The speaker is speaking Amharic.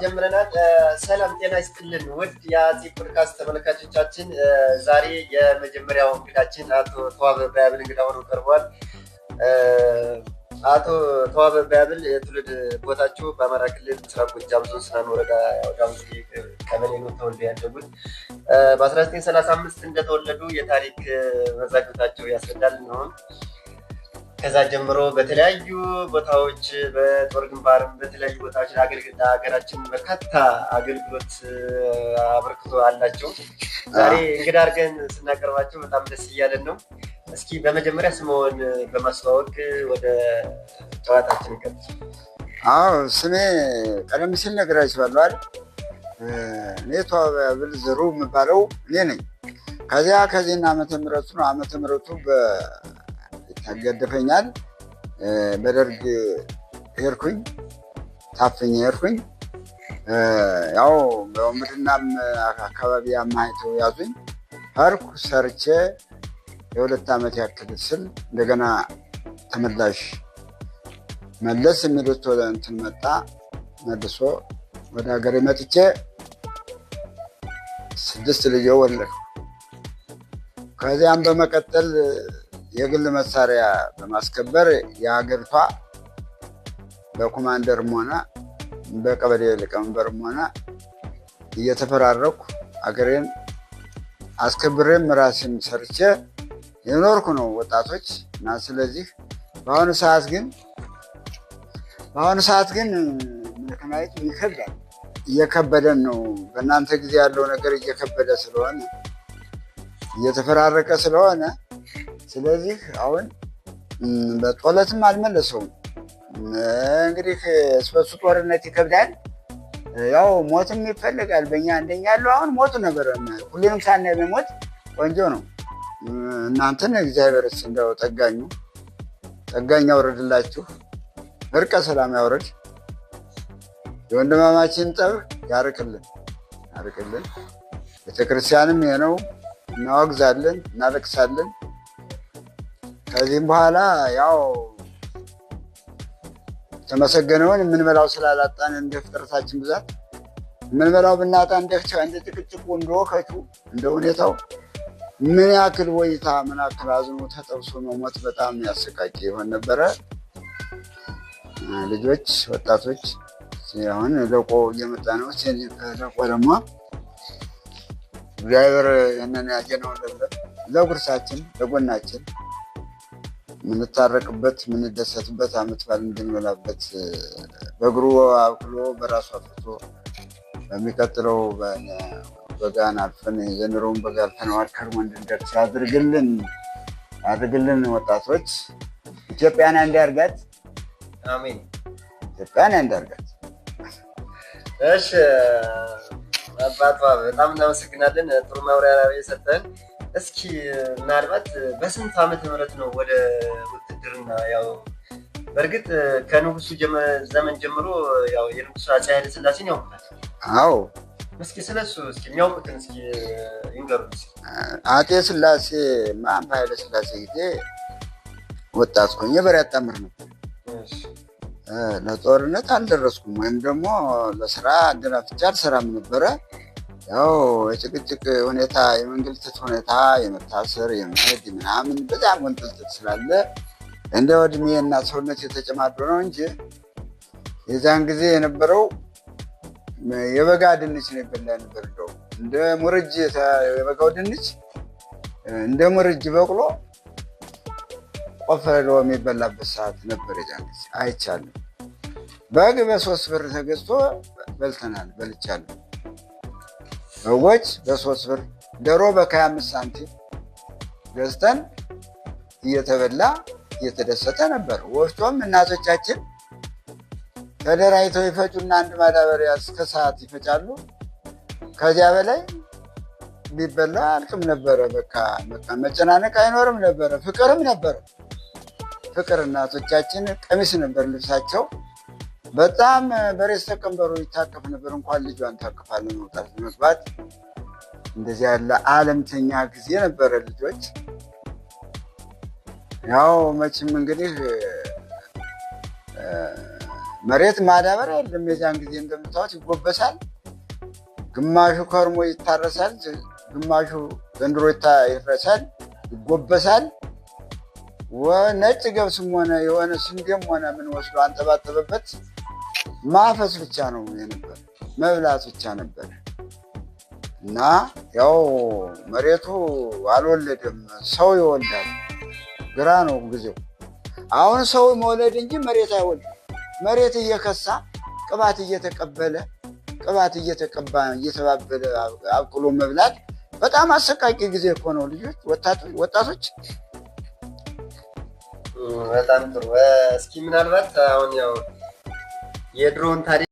ጀምረናል። ሰላም ጤና ይስጥልን ውድ የአፄ ፖድካስት ተመልካቾቻችን፣ ዛሬ የመጀመሪያው እንግዳችን አቶ ተዋበ ባያብል እንግዳ ሆኖ ቀርቧል። አቶ ተዋበ ባያብል የትውልድ ቦታቸው በአማራ ክልል ምስራቅ ጎጃም ዞን ስናን ወረዳ ዳሙዜ ቀበሌ ነው ተወልደው ያደጉት። በ1935 እንደተወለዱ የታሪክ መዛግብታቸው ያስረዳል። እንሆን ከዛ ጀምሮ በተለያዩ ቦታዎች በጦር ግንባር በተለያዩ ቦታዎች ለአገልግሎት ሀገራችን በርካታ አገልግሎት አበርክቶ አላቸው። ዛሬ እንግዳ አድርገን ስናቀርባቸው በጣም ደስ እያለን ነው። እስኪ በመጀመሪያ ስምዎን በማስተዋወቅ ወደ ጨዋታችን ቀጥ። አዎ ስሜ ቀደም ሲል ነግራችኋለሁ አይደል? እኔ ተዋብል ዝሩ የምባለው እኔ ነኝ። ከዚያ ከዚህና ዓመተ ምሕረቱ ነው ዓመተ ምሕረቱ ታገድፈኛል። በደርግ ሄድኩኝ፣ ታፍኜ ሄድኩኝ። ያው በውምድናም አካባቢ አማይተው ያዙኝ። ሀርኩ ሰርቼ የሁለት ዓመት ያክል ስል እንደገና ተመላሽ መለስ የሚሉት ወደ እንትን መጣ። መልሶ ወደ ሀገሬ መጥቼ ስድስት ልጆ ወለድኩ። ከዚያም በመቀጠል የግል መሳሪያ በማስከበር የሀገሪቷ በኮማንደርም ሆነ በቀበሌ ሊቀመንበርም ሆነ እየተፈራረኩ አገሬን አስከብሬም ራሴን ሰርቼ የኖርኩ ነው ወጣቶች እና ስለዚህ በአሁኑ ሰዓት ግን በአሁኑ ሰዓት ግን ምልክማየት ይከብዳል። እየከበደን ነው። በእናንተ ጊዜ ያለው ነገር እየከበደ ስለሆነ እየተፈራረቀ ስለሆነ ስለዚህ አሁን በጦለትም አልመለሰውም። እንግዲህ ስበሱ ጦርነት ይከብዳል። ያው ሞትም ይፈልጋል። በእኛ አንደኛ ያለው አሁን ሞት ነበር። ሁሉንም ሳና በሞት ቆንጆ ነው። እናንተን እግዚአብሔር ስ እንደው ጠጋኙ ጠጋኝ ያውርድላችሁ፣ እርቀ ሰላም ያውርድ፣ የወንድማማችን ጠብ ያርቅልን ያርቅልን። ቤተክርስቲያንም ይሄ ነው። እናወግዛለን፣ እናለቅሳለን። ከዚህም በኋላ ያው ተመሰገነውን የምንበላው ስላላጣን እንደ ፍጥረታችን ብዛት የምንበላው ብናጣ እንደ ጥቅጥቁ እንደ ወከቱ እንደ ሁኔታው ምን ያክል ወይታ ምን ያክል አዝኖ ተጠብሶ መሞት በጣም ያሰቃቂ ይሆን ነበረ። ልጆች ወጣቶች አሁን ለቆ እየመጣ ነው። ለቆ ደግሞ እግዚአብሔር ይህንን ያየነውን ለጉርሳችን ለጎናችን የምንታረቅበት የምንደሰትበት አመት በዓል እንድንበላበት በእግሩ አብክሎ በራሱ አፍቶ በሚቀጥለው በጋን አልፈን የዘንድሮውን በጋ አልፈን ከርሞ እንድንደርስ አድርግልን አድርግልን። ወጣቶች ኢትዮጵያን እንዲያርጋት፣ ያርጋት። አሜን። ኢትዮጵያን እንዲያርጋት። እሺ አባቷ በጣም እናመሰግናለን። ጥሩ ማብራሪያ የሰጠን እስኪ ምናልባት በስንት ዓመተ ምህረት ነው ወደ ውትድርና ያው በእርግጥ ከንጉሱ ዘመን ጀምሮ ያው የንጉሱ አፄ ኃይለ ስላሴን ያውቁታል? አዎ። እስኪ ስለሱ እስኪ የሚያውቁትን እስኪ ይንገሩ። እስኪ አጤ ሥላሴ ማም ኃይለ ስላሴ ጊዜ ወጣት ኮኝ የበሬ አጣምር ነው ለጦርነት አልደረስኩም፣ ወይም ደግሞ ለስራ አደራፍቻ አልሰራም ነበረ ያው የጭቅጭቅ ሁኔታ የመንግልትት ሁኔታ የመታሰር የመሄድ ምናምን በጣም ወንጥልጥል ስላለ እንደ ወድሜ እና ሰውነት የተጨማዶ ነው እንጂ የዛን ጊዜ የነበረው የበጋ ድንች ነው ይበላ ነበር። እንደው እንደ ሙርጅ የበጋው ድንች እንደ ሙርጅ በቅሎ ቆፈረ ለው የሚበላበት ሰዓት ነበር። የዛን ጊዜ አይቻልም። በግ በሶስት ብር ተገዝቶ በልተናል፣ በልቻለሁ። በጎች በሶስት ብር ዶሮ በ25 ሳንቲም ገዝተን እየተበላ እየተደሰተ ነበር። ወፍጮም እናቶቻችን ተደራጅተው ይፈጩና አንድ ማዳበሪያ እስከ ሰዓት ይፈጫሉ። ከዚያ በላይ የሚበላ አልቅም ነበረ። በቃ መጨናነቅ አይኖርም ነበረ። ፍቅርም ነበረ። ፍቅር እናቶቻችን ቀሚስ ነበር ልብሳቸው። በጣም በሬስ ተቀንበሩ ይታቀፍ ነበር። እንኳን ልጇን ታቅፋለ መውጣት መግባት እንደዚህ ያለ አለምተኛ ጊዜ ነበረ። ልጆች ያው መቼም እንግዲህ መሬት ማዳበር የለም። የዚያን ጊዜ እንደምታወት ይጎበሳል። ግማሹ ከርሞ ይታረሳል፣ ግማሹ ዘንድሮ ይረሳል፣ ይጎበሳል። ነጭ ገብስም ሆነ የሆነ ስንዴም ሆነ ምን ወስዶ አንጠባጠበበት። ማፈስ ብቻ ነው የነበረ መብላት ብቻ ነበር። እና ያው መሬቱ አልወለደም፣ ሰው ይወልዳል። ግራ ነው ጊዜው። አሁን ሰው መውለድ እንጂ መሬት አይወልድም። መሬት እየከሳ ቅባት እየተቀበለ ቅባት እየተቀባ እየተባበለ አብቅሎ መብላት በጣም አሰቃቂ ጊዜ እኮ ነው። ልጆች ወጣቶች በጣም ጥሩ። እስኪ ምናልባት አሁን ያው የድሮውን ታሪክ